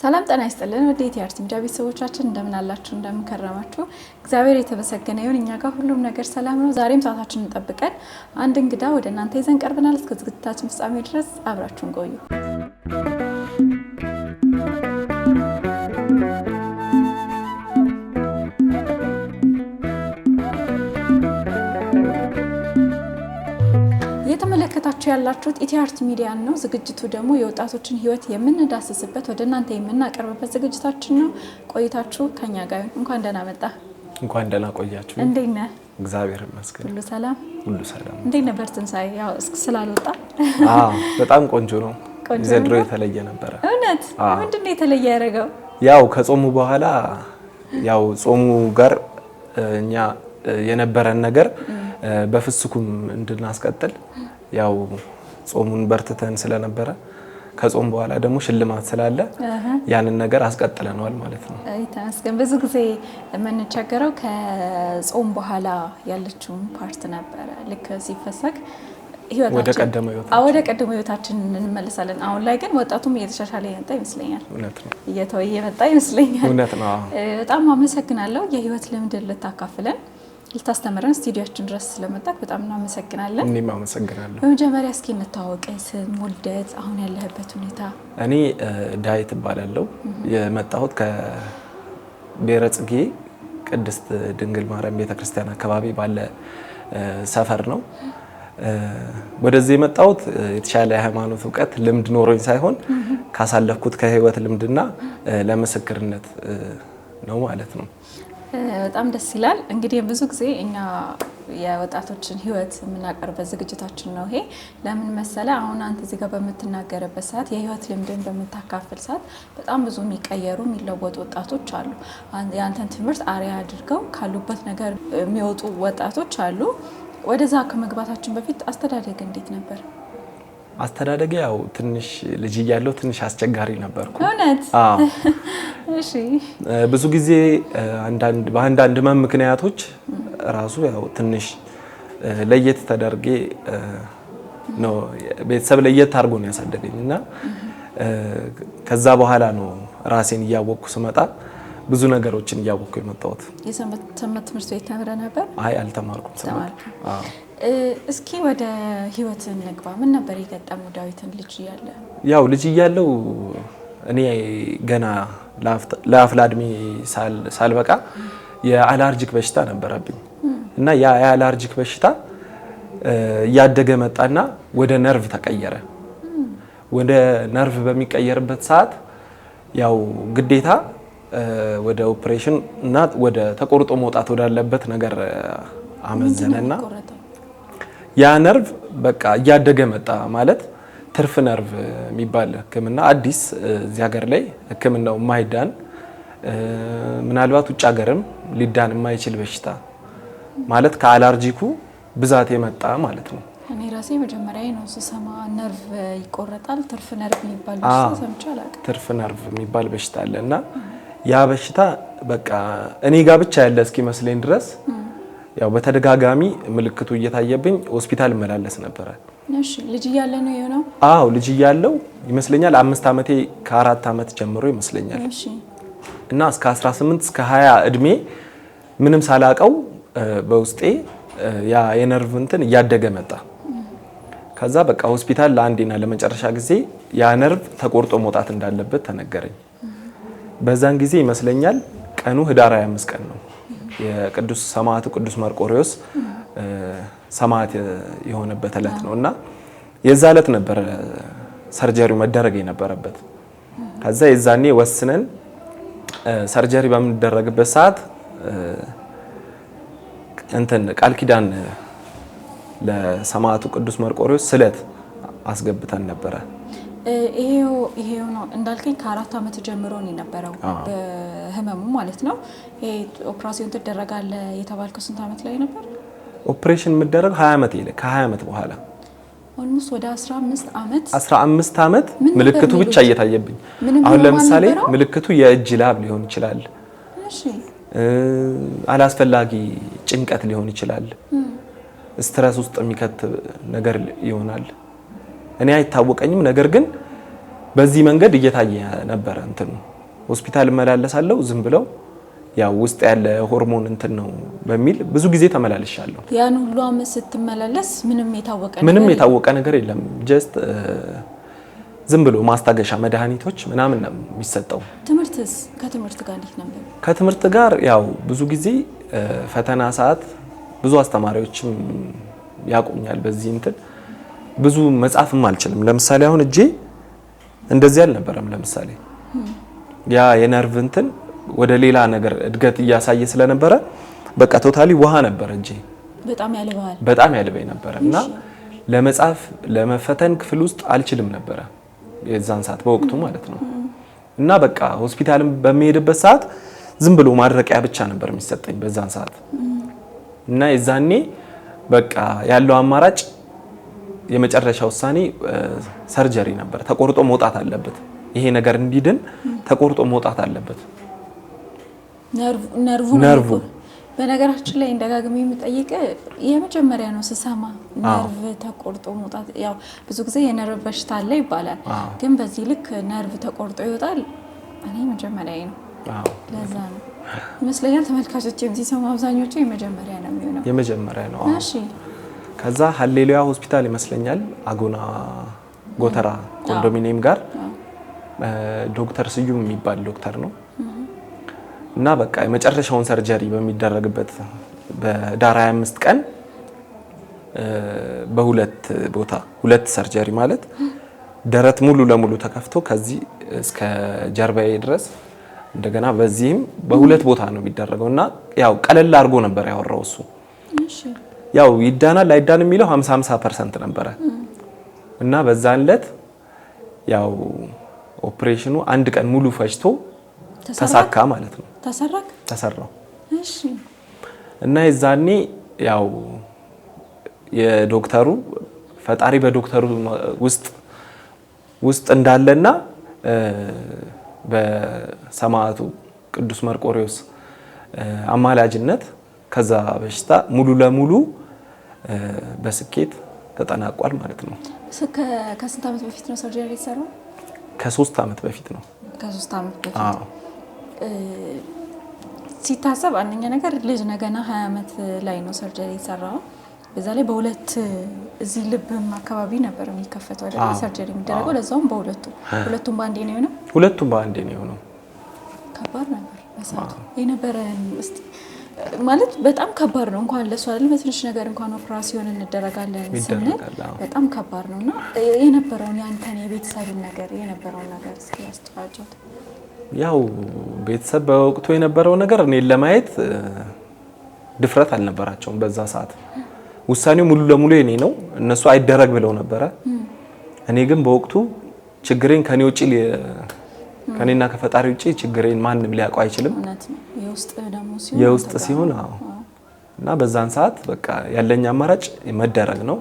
ሰላም ጤና ይስጥልን። ወደ የቲአርቲ ሚዲያ ቤተሰቦቻችን እንደምን አላችሁ? እንደምን ከረማችሁ? እግዚአብሔር የተመሰገነ ይሁን። እኛ ጋር ሁሉም ነገር ሰላም ነው። ዛሬም ሰዓታችንን ጠብቀን አንድ እንግዳ ወደ እናንተ ይዘን ቀርበናል። እስከ ዝግጅታችን ፍጻሜ ድረስ አብራችሁን ቆዩ። እየተመለከታችሁ ያላችሁት ኢቲአርት ሚዲያ ነው። ዝግጅቱ ደግሞ የወጣቶችን ህይወት የምንዳስስበት ወደ እናንተ የምናቀርብበት ዝግጅታችን ነው። ቆይታችሁ ከኛ ጋር እንኳን ደህና መጣ። እንኳን ደህና ቆያችሁ። እንዴት ነህ? እግዚአብሔር ይመስገን ሁሉ ሰላም፣ ሁሉ ሰላም። እንዴት ነበር ትንሳኤ? ያው እስክ ስላልወጣ በጣም ቆንጆ ነው። ዘንድሮ የተለየ ነበረ። እውነት ምንድን ነው የተለየ ያደረገው? ያው ከጾሙ በኋላ ያው ጾሙ ጋር እኛ የነበረን ነገር በፍስኩም እንድናስቀጥል ያው ጾሙን በርትተን ስለነበረ ከጾም በኋላ ደግሞ ሽልማት ስላለ ያንን ነገር አስቀጥለነዋል ማለት ነው። ተመስገን። ብዙ ጊዜ የምንቸገረው ከጾም በኋላ ያለችውን ፓርት ነበረ። ልክ ሲፈሰክ ወደ ቀደመው ህይወታችን እንመለሳለን። አሁን ላይ ግን ወጣቱም እየተሻሻለ የመጣ ይመስለኛል፣ እየተወ እየመጣ ይመስለኛል። እውነት ነው። በጣም አመሰግናለሁ የህይወት ልምድን ልታካፍለን ልታስተምረን ስቱዲዮችን ድረስ ስለመጣት በጣም እናመሰግናለን። እኔም አመሰግናለሁ። በመጀመሪያ እስኪ እንተዋወቅ፣ ስም፣ ውልደት፣ አሁን ያለህበት ሁኔታ። እኔ ዳዊት እባላለሁ። የመጣሁት ከብሔረ ጽጌ ቅድስት ድንግል ማርያም ቤተክርስቲያን አካባቢ ባለ ሰፈር ነው። ወደዚህ የመጣሁት የተሻለ የሃይማኖት እውቀት ልምድ ኖሮኝ ሳይሆን ካሳለፍኩት ከህይወት ልምድና ለምስክርነት ነው ማለት ነው። በጣም ደስ ይላል። እንግዲህ ብዙ ጊዜ እኛ የወጣቶችን ህይወት የምናቀርበት ዝግጅታችን ነው ይሄ። ለምን መሰለ አሁን አንተ እዚህ ጋር በምትናገርበት ሰዓት የህይወት ልምድን በምታካፍል ሰዓት በጣም ብዙ የሚቀየሩ የሚለወጡ ወጣቶች አሉ። የአንተን ትምህርት አሪያ አድርገው ካሉበት ነገር የሚወጡ ወጣቶች አሉ። ወደዛ ከመግባታችን በፊት አስተዳደግ እንዴት ነበር? አስተዳደገ ያው ትንሽ ልጅ እያለሁ ትንሽ አስቸጋሪ ነበርኩ። እውነት? አዎ። እሺ። ብዙ ጊዜ በአንዳንድ ህመም ምክንያቶች ራሱ ያው ትንሽ ለየት ተደርጌ ነው ቤተሰብ ለየት አድርጎ ነው ያሳደገኝ እና ከዛ በኋላ ነው ራሴን እያወቅኩ ስመጣ ብዙ ነገሮችን እያወቅኩ የመጣሁት። የሰንበት ትምህርት ቤት ተምረ ነበር? አይ አልተማርኩም። እስኪ ወደ ህይወት እንግባ። ምን ነበር የገጠመው ዳዊትን ልጅ እያለ? ያው ልጅ እያለው እኔ ገና ለአፍላ እድሜ ሳልበቃ የአላርጂክ በሽታ ነበረብኝ እና ያ የአላርጂክ በሽታ እያደገ መጣና ወደ ነርቭ ተቀየረ። ወደ ነርቭ በሚቀየርበት ሰዓት ያው ግዴታ ወደ ኦፕሬሽን እና ወደ ተቆርጦ መውጣት ወዳለበት ነገር አመዘነና ያ ነርቭ በቃ እያደገ መጣ ማለት ትርፍ ነርቭ የሚባል ህክምና አዲስ እዚህ ሀገር ላይ ህክምናው የማይዳን ምናልባት ውጭ ሀገርም ሊዳን የማይችል በሽታ ማለት ከአላርጂኩ ብዛት የመጣ ማለት ነው። እኔ ራሴ መጀመሪያ ነው ስሰማ ነርቭ ይቆረጣል ትርፍ ነርቭ የሚባል በሽታ ሰምቼ አላውቅም። ትርፍ ነርቭ የሚባል በሽታ አለ እና ያ በሽታ በቃ እኔ ጋ ብቻ ያለ እስኪመስለኝ ድረስ ያው በተደጋጋሚ ምልክቱ እየታየብኝ ሆስፒታል እመላለስ ነበረ። እሺ ልጅ እያለ ነው የሆነው? አዎ ልጅ እያለው ይመስለኛል አምስት ዓመቴ ከአራት ዓመት ጀምሮ ይመስለኛል እና እስከ 18 እስከ 20 እድሜ ምንም ሳላቀው በውስጤ ያ የነርቭ እንትን እያደገ መጣ። ከዛ በቃ ሆስፒታል ለአንዴና ለመጨረሻ ጊዜ ያ ነርቭ ተቆርጦ መውጣት እንዳለበት ተነገረኝ። በዛን ጊዜ ይመስለኛል ቀኑ ህዳር 25 ቀን ነው የቅዱስ ሰማዕቱ ቅዱስ መርቆሪዎስ ሰማዕት የሆነበት ዕለት ነው እና የዛ ዕለት ነበረ ሰርጀሪው መደረግ የነበረበት። ከዛ የዛኔ ወስነን ሰርጀሪ በምንደረግበት ሰዓት እንትን ቃል ኪዳን ለሰማዕቱ ቅዱስ መርቆሬዎስ ስለት አስገብተን ነበረ። ይሄው ነው እንዳልከኝ ከአራት ዓመት ጀምሮ ነው የነበረው ህመሙ ማለት ነው። ኦፕራሲዮን ትደረጋለ የተባልከው ስንት ዓመት ላይ ነበር? ኦፕሬሽን የምደረግ ሀያ ዓመት ይለ ከሀያ ዓመት በኋላ ኦልሞስት ወደ ዓመት ዓመት ምልክቱ ብቻ እየታየብኝ አሁን ለምሳሌ ምልክቱ የእጅ ላብ ሊሆን ይችላል። አላስፈላጊ ጭንቀት ሊሆን ይችላል። ስትረስ ውስጥ የሚከት ነገር ይሆናል። እኔ አይታወቀኝም። ነገር ግን በዚህ መንገድ እየታየ ነበረ። እንትን ሆስፒታል እመላለሳለሁ ዝም ብለው ያው ውስጥ ያለ ሆርሞን እንትን ነው በሚል ብዙ ጊዜ ተመላልሻለሁ። ያን ሁሉ አመት ስትመላለስ ምንም የታወቀ ምንም የታወቀ ነገር የለም። ጀስት ዝም ብሎ ማስታገሻ መድኃኒቶች ምናምን ነው የሚሰጠው። ትምህርትስ ከትምህርት ጋር እንዴት ነበር? ከትምህርት ጋር ያው ብዙ ጊዜ ፈተና ሰዓት ብዙ አስተማሪዎችም ያቆኛል በዚህ እንትን ብዙ መጻፍም አልችልም። ለምሳሌ አሁን እጄ እንደዚህ አልነበረም። ለምሳሌ ያ የነርቭ እንትን ወደ ሌላ ነገር እድገት እያሳየ ስለነበረ በቃ ቶታሊ ውሃ ነበረ እጄ። በጣም ያልባል፣ በጣም ያልበኝ ነበረ እና ለመጻፍ ለመፈተን ክፍል ውስጥ አልችልም ነበረ የዛን ሰዓት በወቅቱ ማለት ነው። እና በቃ ሆስፒታልም በሚሄድበት ሰዓት ዝም ብሎ ማድረቂያ ብቻ ነበር የሚሰጠኝ በዛን ሰዓት እና የዛኔ በቃ ያለው አማራጭ የመጨረሻ ውሳኔ ሰርጀሪ ነበር። ተቆርጦ መውጣት አለበት። ይሄ ነገር እንዲድን ተቆርጦ መውጣት አለበት። ነርቭ በነገራችን ላይ እንደጋግሜ የምጠይቅ የመጀመሪያ ነው ስሰማ ነርቭ ተቆርጦ መውጣት። ያው ብዙ ጊዜ የነርቭ በሽታ አለ ይባላል፣ ግን በዚህ ልክ ነርቭ ተቆርጦ ይወጣል እኔ መጀመሪያ ነው። ለዛ ነው ይመስለኛል ተመልካቾች ሲሰሙ አብዛኞቹ የመጀመሪያ ነው የሚሆነው። የመጀመሪያ ነው። እሺ ከዛ ሀሌሉያ ሆስፒታል ይመስለኛል አጎና ጎተራ ኮንዶሚኒየም ጋር ዶክተር ስዩም የሚባል ዶክተር ነው እና በቃ የመጨረሻውን ሰርጀሪ በሚደረግበት በዳር 25 ቀን በሁለት ቦታ ሁለት ሰርጀሪ ማለት ደረት ሙሉ ለሙሉ ተከፍቶ ከዚህ እስከ ጀርባዬ ድረስ እንደገና በዚህም በሁለት ቦታ ነው የሚደረገው እና ያው ቀለል አድርጎ ነበር ያወራው እሱ። ያው ይዳናል ላይዳን የሚለው 50 50 ፐርሰንት ነበረ እና በዛን ዕለት ያው ኦፕሬሽኑ አንድ ቀን ሙሉ ፈጅቶ ተሳካ ማለት ነው። ተሰራክ ተሰራው። እሺ። እና የዛኔ ያው የዶክተሩ ፈጣሪ በዶክተሩ ውስጥ ውስጥ እንዳለና በሰማዕቱ ቅዱስ መርቆሪዎስ አማላጅነት ከዛ በሽታ ሙሉ ለሙሉ በስኬት ተጠናቋል ማለት ነው። ከስንት ዓመት በፊት ነው ሰርጀሪ የተሰራው? ከሶስት ዓመት በፊት ነው። ከሶስት ዓመት በፊት ሲታሰብ አንደኛ ነገር ልጅ ነገና ሀያ ዓመት ላይ ነው ሰርጀሪ የተሰራው። በዛ ላይ በሁለት እዚህ ልብም አካባቢ ነበር የሚከፈተው አይደለ? ሰርጀሪ የሚደረገው ለዛውም፣ በሁለቱ ሁለቱም በአንዴ ነው የሆነው። ሁለቱም በአንዴ ነው የሆነው። ከባድ ነበር የነበረን እስኪ ማለት በጣም ከባድ ነው። እንኳን ለሱ አይደል በትንሽ ነገር እንኳን ወፍራ ሲሆን እንደረጋለን ስንል በጣም ከባድ ነው እና የነበረውን ያንተን የቤተሰብን ነገር የነበረውን ነገር እስኪ ያስተዋጀው። ያው ቤተሰብ በወቅቱ የነበረው ነገር እኔን ለማየት ድፍረት አልነበራቸውም። በዛ ሰዓት ውሳኔው ሙሉ ለሙሉ የኔ ነው። እነሱ አይደረግ ብለው ነበረ። እኔ ግን በወቅቱ ችግሬን ከኔ ውጭ ከኔና ከፈጣሪ ውጭ ችግሬን ማንም ሊያውቀው አይችልም። የውስጥ ሲሆን አዎ። እና በዛን ሰዓት በቃ ያለኝ አማራጭ መደረግ ነው።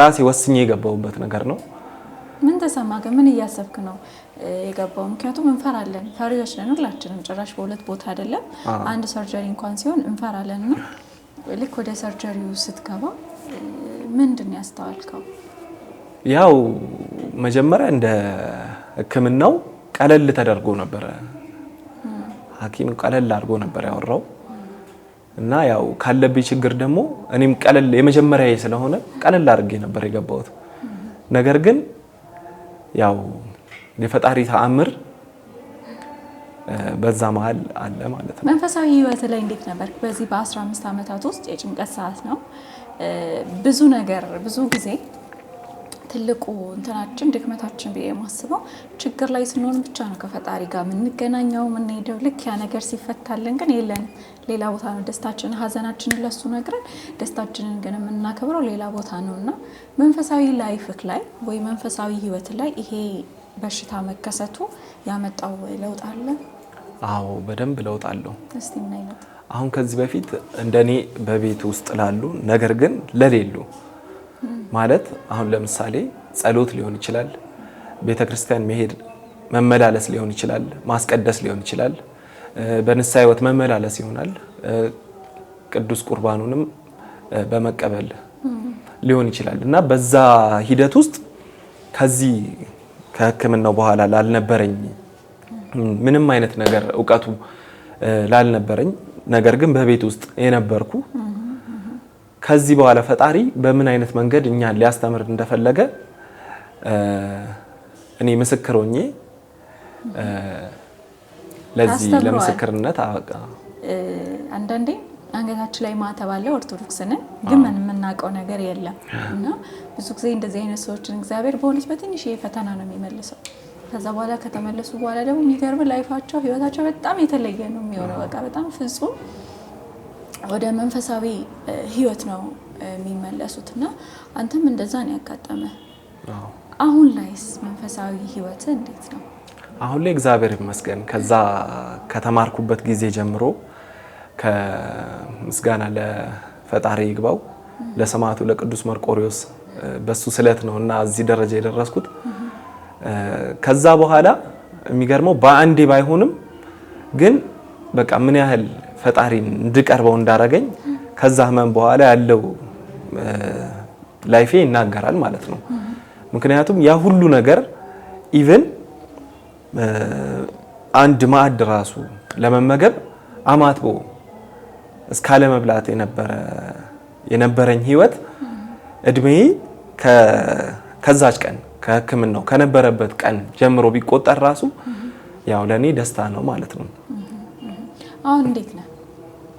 ራሴ ወስኜ የገባውበት ነገር ነው። ምን ተሰማ ግን? ምን እያሰብክ ነው የገባው? ምክንያቱም እንፈራለን፣ ፈሪዎች ነን ሁላችንም። ጭራሽ በሁለት ቦታ አይደለም አንድ ሰርጀሪ እንኳን ሲሆን እንፈራለን። እና ልክ ወደ ሰርጀሪው ስትገባ ምንድን ያስተዋልከው? ያው መጀመሪያ እንደ ህክምናው? ቀለል ተደርጎ ነበረ ሐኪም ቀለል አድርጎ ነበር ያወራው እና ያው ካለብኝ ችግር ደግሞ እኔም ቀለል የመጀመሪያ ስለሆነ ቀለል አድርጌ ነበር የገባሁት። ነገር ግን ያው የፈጣሪ ተአምር በዛ መሀል አለ ማለት ነው። መንፈሳዊ ህይወት ላይ እንዴት ነበር? በዚህ በ15 ዓመታት ውስጥ የጭንቀት ሰዓት ነው ብዙ ነገር ብዙ ጊዜ ትልቁ እንትናችን ድክመታችን ብዬ የማስበው ችግር ላይ ስንሆን ብቻ ነው ከፈጣሪ ጋር የምንገናኘው የምንሄደው። ልክ ያ ነገር ሲፈታለን ግን የለን ሌላ ቦታ ነው ደስታችን፣ ሀዘናችንን ለሱ ነግረን ደስታችንን ግን የምናከብረው ሌላ ቦታ ነው እና መንፈሳዊ ላይፍክ ላይ ወይ መንፈሳዊ ህይወት ላይ ይሄ በሽታ መከሰቱ ያመጣው ለውጥ አለ? አዎ በደንብ ለውጥ አለው። እስቲ ምን አይነት አሁን ከዚህ በፊት እንደኔ በቤት ውስጥ ላሉ ነገር ግን ለሌሉ ማለት አሁን ለምሳሌ ጸሎት ሊሆን ይችላል፣ ቤተ ክርስቲያን መሄድ መመላለስ ሊሆን ይችላል፣ ማስቀደስ ሊሆን ይችላል፣ በንስሐ ሕይወት መመላለስ ይሆናል። ቅዱስ ቁርባኑንም በመቀበል ሊሆን ይችላል እና በዛ ሂደት ውስጥ ከዚህ ከሕክምናው በኋላ ላልነበረኝ ምንም አይነት ነገር እውቀቱ ላልነበረኝ ነገር ግን በቤት ውስጥ የነበርኩ ከዚህ በኋላ ፈጣሪ በምን አይነት መንገድ እኛን ሊያስተምር እንደፈለገ እኔ ምስክር ሆኜ ለዚህ ለምስክርነት አበቃ። አንዳንዴ አንገታችን ላይ ማተብ አለ። ኦርቶዶክስ ነን ግን ምን የምናውቀው ነገር የለም እና ብዙ ጊዜ እንደዚህ አይነት ሰዎችን እግዚአብሔር በሆነች በትንሽ ፈተና ነው የሚመልሰው። ከዛ በኋላ ከተመለሱ በኋላ ደግሞ የሚገርም ላይፋቸው ህይወታቸው በጣም የተለየ ነው የሚሆነው። በቃ በጣም ፍጹም ወደ መንፈሳዊ ህይወት ነው የሚመለሱት እና አንተም እንደዛ ነው ያጋጠመ። አሁን ላይስ መንፈሳዊ ህይወት እንዴት ነው? አሁን ላይ እግዚአብሔር ይመስገን ከዛ ከተማርኩበት ጊዜ ጀምሮ ከምስጋና ለፈጣሪ ይግባው ለሰማዕቱ ለቅዱስ መርቆሪዎስ በሱ ስለት ነው እና እዚህ ደረጃ የደረስኩት። ከዛ በኋላ የሚገርመው በአንዴ ባይሆንም ግን በቃ ምን ያህል ፈጣሪ እንድቀርበው እንዳረገኝ ከዛ ህመም በኋላ ያለው ላይፌ ይናገራል ማለት ነው። ምክንያቱም ያ ሁሉ ነገር ኢቭን አንድ ማዕድ ራሱ ለመመገብ አማትቦ እስካለ መብላት የነበረ የነበረኝ ህይወት እድሜ ከዛች ቀን ከህክምናው ከነበረበት ቀን ጀምሮ ቢቆጠር ራሱ ያው ለእኔ ደስታ ነው ማለት ነው። አሁን እንዴት ነህ?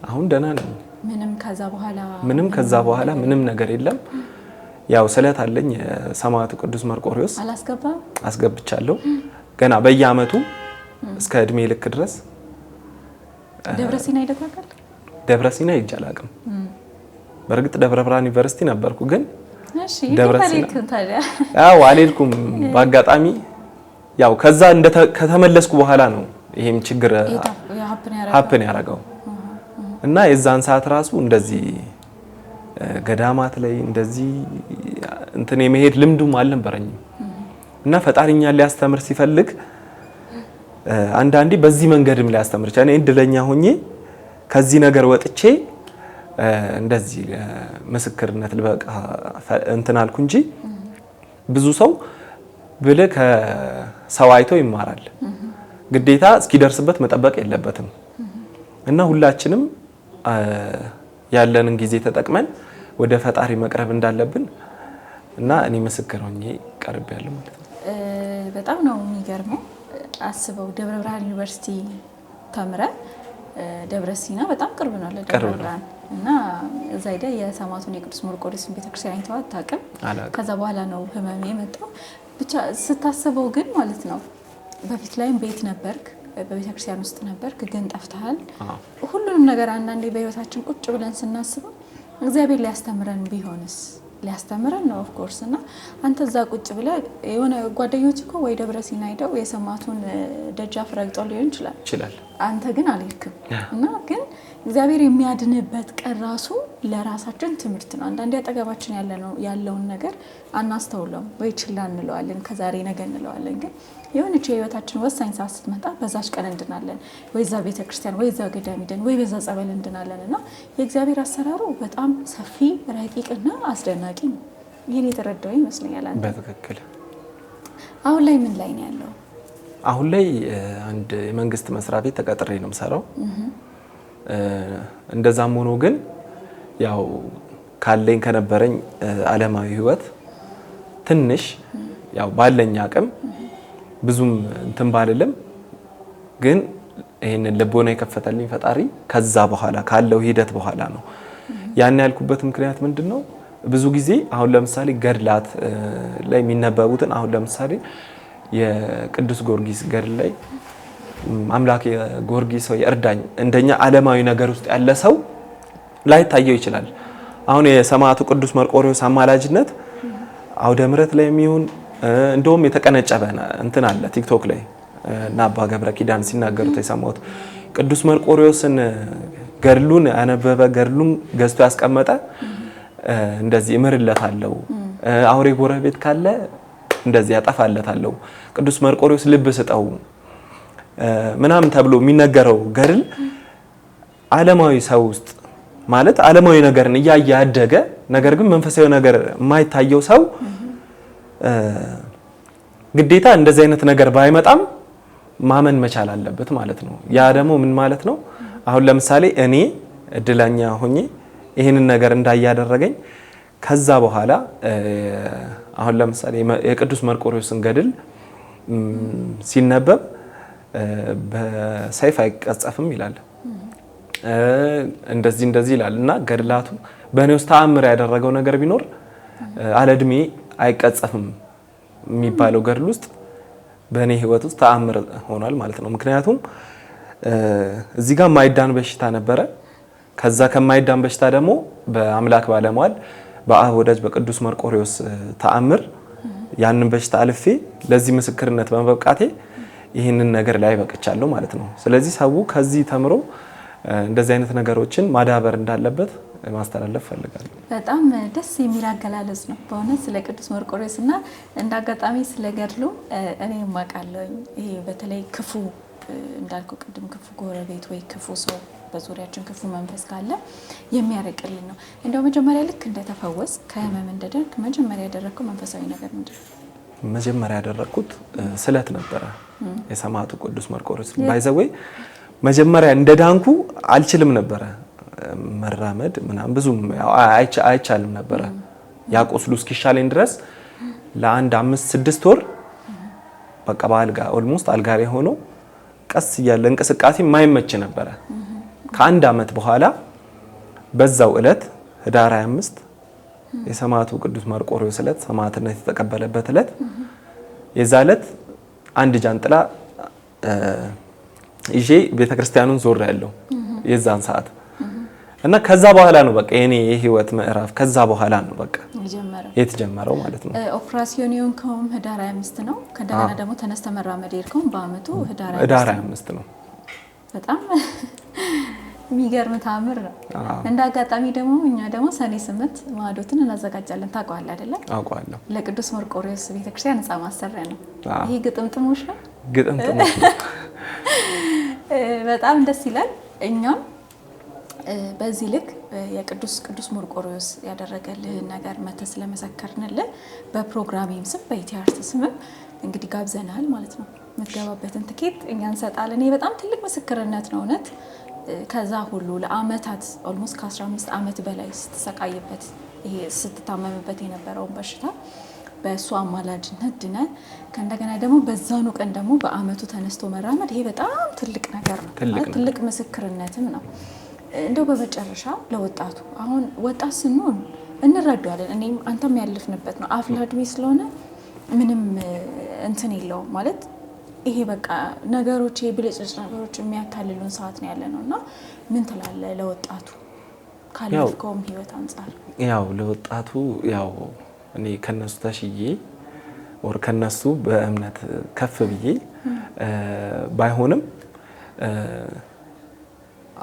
አሁን ደህና ነኝ። ምንም ከዛ በኋላ ምንም ነገር የለም። ያው ስለት አለኝ ሰማዕቱ ቅዱስ መርቆሪዎስ አስገብቻለሁ። ገና በየአመቱ እስከ እድሜ ልክ ድረስ ደብረሲና ይደጋጋል። ደብረሲና ሂጅ አላውቅም። በእርግጥ ደብረ ብርሃን ዩኒቨርሲቲ ነበርኩ ግን አዎ አልሄድኩም። በአጋጣሚ ያው ከዛ ከተመለስኩ በኋላ ነው ይሄም ችግር ሀፕን ያደረገው። እና የዛን ሰዓት ራሱ እንደዚህ ገዳማት ላይ እንደዚህ እንትን የመሄድ ልምዱም አልነበረኝም እና ፈጣሪኛ ሊያስተምር ሲፈልግ አንዳንዴ በዚህ መንገድም ሊያስተምር ይችላል። እኔ እድለኛ ሆኜ ከዚህ ነገር ወጥቼ እንደዚህ ምስክርነት ልበቃ እንትን አልኩ እንጂ ብዙ ሰው ብልህ ከሰው አይቶ ይማራል። ግዴታ እስኪደርስበት መጠበቅ የለበትም እና ሁላችንም ያለንን ጊዜ ተጠቅመን ወደ ፈጣሪ መቅረብ እንዳለብን እና እኔ ምስክር ሆኜ ቀርቤያለሁ ማለት ነው። በጣም ነው የሚገርመው። አስበው ደብረ ብርሃን ዩኒቨርሲቲ ተምረ ደብረ ሲና በጣም ቅርብ ነው ለደብረ ብርሃን እና እዛ ሄደ የሰማቱን የቅዱስ መርቆሬዎስን ቤተክርስቲያን አይተው አታውቅም። ከዛ በኋላ ነው ህመሜ የመጣው። ብቻ ስታስበው ግን ማለት ነው በፊት ላይም ቤት ነበርክ በቤተክርስቲያን ውስጥ ነበርክ ግን ጠፍተሃል። ሁሉንም ነገር አንዳንዴ በህይወታችን ቁጭ ብለን ስናስበው እግዚአብሔር ሊያስተምረን ቢሆንስ ሊያስተምረን ነው ኦፍኮርስ። እና አንተ እዛ ቁጭ ብለ የሆነ ጓደኞች እኮ ወይ ደብረ ሲና ሄደው የሰማዕቱን ደጃፍ ረግጦ ሊሆን ይችላል አንተ ግን አልሄድክም እና ግን እግዚአብሔር የሚያድንበት ቀን ራሱ ለራሳችን ትምህርት ነው። አንዳንዴ አጠገባችን ያለውን ነገር አናስተውለውም ወይ ችላ እንለዋለን፣ ከዛሬ ነገ እንለዋለን። ግን የሆነች የህይወታችን ወሳኝ ሰዓት ስትመጣ በዛች ቀን እንድናለን ወይ ቤተክርስቲያን ወይ እዛ ገዳም ሄደን ወይ በዛ ጸበል እንድናለን እና የእግዚአብሔር አሰራሩ በጣም ሰፊ ረቂቅና አስደናቂ ነው። ይህን የተረዳው ይመስለኛል። በትክክል አሁን ላይ ምን ላይ ነው ያለው? አሁን ላይ አንድ የመንግስት መስሪያ ቤት ተቀጥሬ ነው የምሰራው። እንደዛም ሆኖ ግን ያው ካለኝ ከነበረኝ አለማዊ ህይወት ትንሽ ያው ባለኝ አቅም ብዙም እንትን ባልልም ግን ይህንን ልቦና የከፈተልኝ ፈጣሪ ከዛ በኋላ ካለው ሂደት በኋላ ነው። ያን ያልኩበት ምክንያት ምንድን ነው? ብዙ ጊዜ አሁን ለምሳሌ ገድላት ላይ የሚነበቡትን አሁን ለምሳሌ የቅዱስ ጊዮርጊስ ገድል ላይ አምላክ ጊዮርጊስ ሰው የእርዳኝ እንደኛ ዓለማዊ ነገር ውስጥ ያለ ሰው ላይ ታየው ይችላል። አሁን የሰማዕቱ ቅዱስ መርቆሪዎስ አማላጅነት አውደ ምረት ላይ የሚሆን እንደውም የተቀነጨበ እንትን አለ ቲክቶክ ላይ እና አባ ገብረ ኪዳን ሲናገሩት የሰማሁት ቅዱስ መርቆሪዎስን ገድሉን ያነበበ ገድሉን ገዝቶ ያስቀመጠ እንደዚህ አለው አውሬ ጎረቤት ካለ እንደዚህ ያጠፋለታለሁ፣ ቅዱስ መርቆሪዎስ ልብ ስጠው ምናምን ተብሎ የሚነገረው ገድል ዓለማዊ ሰው ውስጥ ማለት ዓለማዊ ነገርን እያየ ያደገ ነገር ግን መንፈሳዊ ነገር የማይታየው ሰው ግዴታ እንደዚህ አይነት ነገር ባይመጣም ማመን መቻል አለበት ማለት ነው። ያ ደግሞ ምን ማለት ነው? አሁን ለምሳሌ እኔ እድለኛ ሆኜ ይህንን ነገር እንዳያደረገኝ ከዛ በኋላ አሁን ለምሳሌ የቅዱስ መርቆሪዎስን ገድል ሲነበብ በሰይፍ አይቀጸፍም ይላል፣ እንደዚህ እንደዚህ ይላል እና ገድላቱ በእኔ ውስጥ ተአምር ያደረገው ነገር ቢኖር አለእድሜ አይቀጸፍም የሚባለው ገድል ውስጥ በእኔ ህይወት ውስጥ ተአምር ሆኗል ማለት ነው። ምክንያቱም እዚህ ጋር ማይዳን በሽታ ነበረ። ከዛ ከማይዳን በሽታ ደግሞ በአምላክ ባለመዋል። በአብ ወዳጅ በቅዱስ መርቆሬዎስ ተአምር ያንን በሽታ አልፌ ለዚህ ምስክርነት በመብቃቴ ይህንን ነገር ላይ በቅቻለሁ ማለት ነው። ስለዚህ ሰው ከዚህ ተምሮ እንደዚህ አይነት ነገሮችን ማዳበር እንዳለበት ማስተላለፍ ፈልጋለሁ። በጣም ደስ የሚል አገላለጽ ነው በእውነት ስለ ቅዱስ መርቆሬዎስ እና እንደ አጋጣሚ ስለ ገድሉ እኔ የማውቃለሁ። ይሄ በተለይ ክፉ እንዳልኩ ቅድም ክፉ ጎረቤት ወይ ክፉ ሰው በዙሪያችን ክፉ መንፈስ ካለ የሚያረቅልን ነው። እንደው መጀመሪያ ልክ እንደተፈወስ ከህመም እንደደርግ መጀመሪያ ያደረግከው መንፈሳዊ ነገር ምንድን ነው? መጀመሪያ ያደረግኩት ስለት ነበረ። የሰማዕቱ ቅዱስ መርቆሬዎስ ባይዘወይ መጀመሪያ እንደ ዳንኩ አልችልም ነበረ መራመድ ምናምን ብዙም አይቻልም ነበረ። ያ ቁስሉ እስኪሻለኝ ድረስ ለአንድ አምስት ስድስት ወር በቃ በአልጋ ኦልሞስት አልጋ ላይ ሆኖ ቀስ እያለ እንቅስቃሴ ማይመች ነበረ። ከአንድ ዓመት በኋላ በዛው ዕለት ህዳር 25 የሰማዕቱ ቅዱስ መርቆሬዎስ ዕለት ሰማዕትነት የተቀበለበት ዕለት የዛ ዕለት አንድ ጃንጥላ ይዤ ቤተክርስቲያኑን ዞር ያለው የዛን ሰዓት እና ከዛ በኋላ ነው በቃ የኔ የህይወት ምዕራፍ ከዛ በኋላ ነው በቃ የተጀመረው ማለት ነው። ኦፕራሲዮን የሆንከውም ህዳር 25 ነው። ከእንደገና ደግሞ ተነስተ መራመድ የሄድከውም በአመቱ ህዳር 25 ነው። በጣም የሚገርም ታምር ነው። እንደ አጋጣሚ ደግሞ እኛ ደግሞ ሰኔ ስምንት ማዕዶትን እናዘጋጃለን። ታውቀዋለህ አይደለም? አውቀዋለሁ። ለቅዱስ መርቆሪዎስ ቤተክርስቲያን ህንፃ ማሰሪያ ነው። ይሄ ግጥምጥሞች ነው፣ ግጥምጥሞች በጣም ደስ ይላል። እኛም በዚህ ልክ የቅዱስ ቅዱስ መርቆሪዎስ ያደረገልህን ነገር መተህ ስለመሰከርንልህ በፕሮግራሜም ስም በኢቲአርት ስምም እንግዲህ ጋብዘናል ማለት ነው። የምትገባበትን ትኬት እኛ እንሰጣለን። ይሄ በጣም ትልቅ ምስክርነት ነው እውነት ከዛ ሁሉ ለአመታት ኦልሞስት ከ15 ዓመት በላይ ስትሰቃይበት ይሄ ስትታመምበት የነበረውን በሽታ በእሱ አማላጅነት ድነን ከእንደገና ደግሞ በዛኑ ቀን ደግሞ በአመቱ ተነስቶ መራመድ ይሄ በጣም ትልቅ ነገር ነው፣ ትልቅ ምስክርነትም ነው። እንደው በመጨረሻ ለወጣቱ አሁን ወጣት ስንሆን እንረዳዋለን። እኔም አንተም ያልፍንበት ነው። አፍላ እድሜ ስለሆነ ምንም እንትን የለውም ማለት ይሄ በቃ ነገሮች የብልጭልጭ ነገሮች የሚያካልሉን ሰዓት ነው ያለ ነው እና ምን ትላለህ ለወጣቱ ካለፍከውም ህይወት አንጻር? ያው ለወጣቱ ያው እኔ ከነሱ ተሽዬ ወር ከነሱ በእምነት ከፍ ብዬ ባይሆንም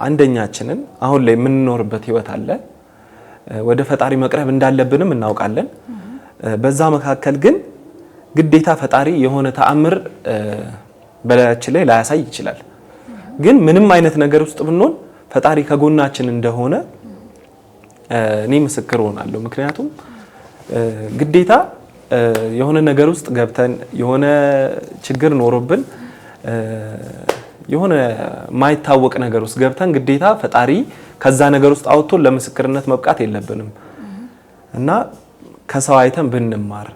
አንደኛችንን አሁን ላይ የምንኖርበት ህይወት አለ። ወደ ፈጣሪ መቅረብ እንዳለብንም እናውቃለን። በዛ መካከል ግን ግዴታ ፈጣሪ የሆነ ተአምር በላያችን ላይ ላያሳይ ይችላል። ግን ምንም አይነት ነገር ውስጥ ብንሆን ፈጣሪ ከጎናችን እንደሆነ እኔ ምስክር ሆናለሁ። ምክንያቱም ግዴታ የሆነ ነገር ውስጥ ገብተን የሆነ ችግር ኖሮብን የሆነ ማይታወቅ ነገር ውስጥ ገብተን ግዴታ ፈጣሪ ከዛ ነገር ውስጥ አውጥቶን ለምስክርነት መብቃት የለብንም እና ከሰው አይተን ብንማር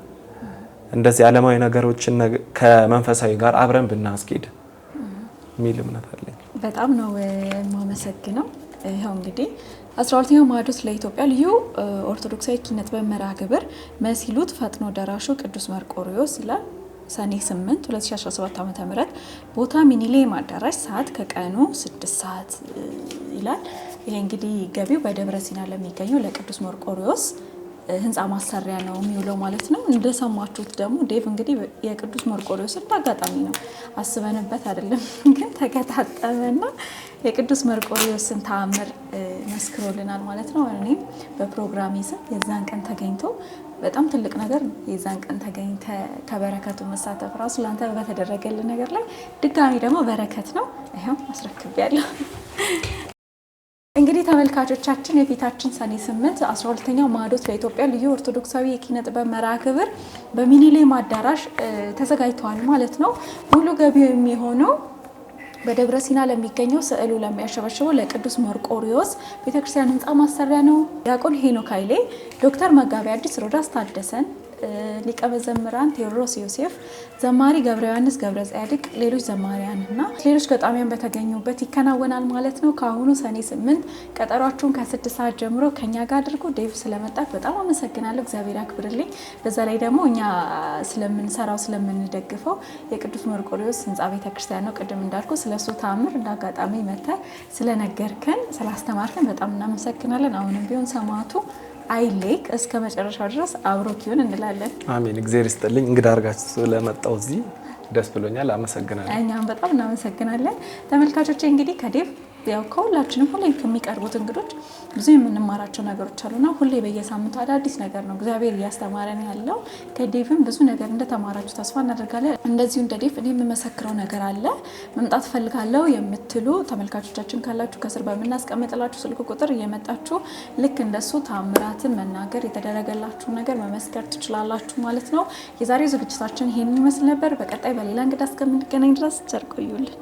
እንደዚህ ዓለማዊ ነገሮችን ከመንፈሳዊ ጋር አብረን ብናስጌድ የሚል እምነት አለኝ። በጣም ነው የማመሰግነው። ይኸው እንግዲህ አስራ ሁለተኛው ማዕዶት ለኢትዮጵያ ልዩ ኦርቶዶክሳዊ ኪነ መርሃ ግብር መሲሉት ፈጥኖ ደራሹ ቅዱስ መርቆሪዎስ ይላል። ሰኔ 8 2017 ዓ.ም ቦታ ሚኒሌ አዳራሽ ሰዓት ከቀኑ 6 ሰዓት ይላል። ይሄ እንግዲህ ገቢው በደብረ ሲና ለሚገኘው ለቅዱስ መርቆሪዎስ ህንፃ ማሰሪያ ነው የሚውለው ማለት ነው። እንደሰማችሁት ደግሞ ዴቭ እንግዲህ የቅዱስ መርቆሪዎስን በአጋጣሚ ነው አስበንበት አይደለም፣ ግን ተቀጣጠመና የቅዱስ መርቆሪዎስን ተአምር መስክሮልናል ማለት ነው። እኔም በፕሮግራሜ ስም የዛን ቀን ተገኝቶ በጣም ትልቅ ነገር የዛን ቀን ተገኝተ ከበረከቱ መሳተፍ ራሱ ለአንተ በተደረገልን ነገር ላይ ድጋሚ ደግሞ በረከት ነው። ይኸው አስረክቤያለሁ። እንግዲህ ተመልካቾቻችን የፊታችን ሰኔ ስምንት አስራ ሁለተኛው ማዕዶት ለኢትዮጵያ ልዩ ኦርቶዶክሳዊ የኪነ ጥበብ መርሃ ግብር በሚኒሌም አዳራሽ ተዘጋጅተዋል ማለት ነው። ሙሉ ገቢው የሚሆነው በደብረ ሲና ለሚገኘው ስዕሉ ለሚያሸበሽበው ለቅዱስ መርቆሪዎስ ቤተክርስቲያን ህንፃ ማሰሪያ ነው። ዲያቆን ሄኖክ ኃይሌ፣ ዶክተር መጋቢ አዲስ ሮዳስ ታደሰን ሊቀ መዘምራን ቴዎድሮስ ዮሴፍ፣ ዘማሪ ገብረ ዮሐንስ ገብረ ጻድቅ፣ ሌሎች ዘማሪያን እና ሌሎች ገጣሚያን በተገኙበት ይከናወናል ማለት ነው። ከአሁኑ ሰኔ ስምንት ቀጠሯችሁን ከስድስት ሰዓት ጀምሮ ከኛ ጋር አድርጎ ዴቭ ስለመጣት በጣም አመሰግናለሁ። እግዚአብሔር አክብርልኝ። በዛ ላይ ደግሞ እኛ ስለምንሰራው ስለምንደግፈው የቅዱስ መርቆሪዎስ ህንፃ ቤተክርስቲያን ነው። ቅድም እንዳልኩ ስለሱ ታምር እንዳጋጣሚ መተ ስለነገርከን ስላስተማርከን በጣም እናመሰግናለን። አሁንም ቢሆን ሰማዕቱ አይለይክ እስከ መጨረሻው ድረስ አብሮክ ይሁን እንላለን። አሜን። እግዚአብሔር ይስጥልኝ። እንግዳ አድርጋችሁ ስለመጣው እዚህ ደስ ብሎኛል። አመሰግናለሁ። እኛም በጣም እናመሰግናለን። ተመልካቾቼ እንግዲህ ከዴቭ ያው ከሁላችንም ሁሌ ከሚቀርቡት እንግዶች ብዙ የምንማራቸው ነገሮች አሉና ሁሌ በየሳምንቱ አዳዲስ ነገር ነው እግዚአብሔር እያስተማረን ያለው። ከዴቭም ብዙ ነገር እንደተማራችሁ ተስፋ እናደርጋለን። እንደዚሁ እንደ ዴቭ እኔ የምመሰክረው ነገር አለ። መምጣት ፈልጋለሁ የምትሉ ተመልካቾቻችን ካላችሁ ከስር በምናስቀምጥላችሁ ስልክ ቁጥር እየመጣችሁ ልክ እንደሱ ታምራትን መናገር የተደረገላችሁ ነገር መመስከር ትችላላችሁ ማለት ነው። የዛሬው ዝግጅታችን ይሄን ይመስል ነበር። በቀጣይ በሌላ እንግዳ እስከምንገናኝ ድረስ ቸር ቆዩልን።